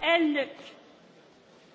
Elnök!